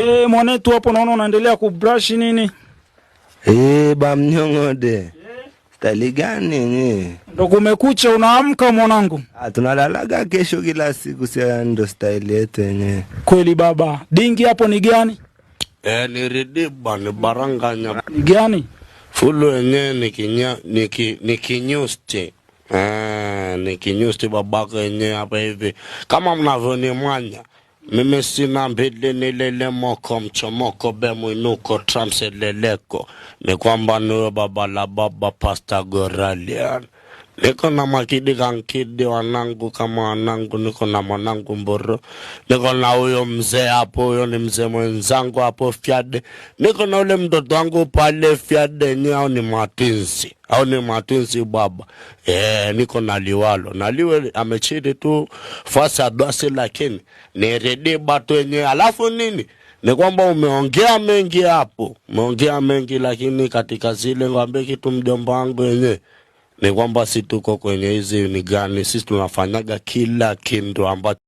Eh, mwanetu hapo naona unaendelea brush nini? Eh, bamnyongode. Yeah. Stali gani ni? Ndo kumekucha unaamka mwanangu. Ah, tunalalaga kesho kila siku si ndo style yetu yenye. Kweli baba. Dingi hapo ni gani? Eh, ni ridiba ni baranganya. Ni gani? Fulu yenye ni kinya ni ki, ni kinyusti. Ah, ni kinyusti babako yenye hapa hivi. Kama mnavyonimanya. Mimi sina mbili nilile moko mchomoko be mwinuko tramseleleko ni kwamba niwe baba la baba Pasta Goralian. Niko na makidi kankidi wanangu kama wanangu, niko na mwanangu Mboro, niko na huyo mzee hapo, huyo ni mzee mwenzangu hapo Fyade, niko na ule mtoto wangu pale Fyade ni au ni Matinsi au ni Matinsi baba eh, niko na Liwalo na liwe amechiri tu fasi adwasi, lakini ni redi batu wenyewe, alafu nini ni kwamba umeongea mengi hapo, umeongea mengi lakini katika zile ngwambie kitu mjomba wangu wenyewe ni kwamba si tuko kwenye hizi ni gani, sisi tunafanyaga kila kitu ambacho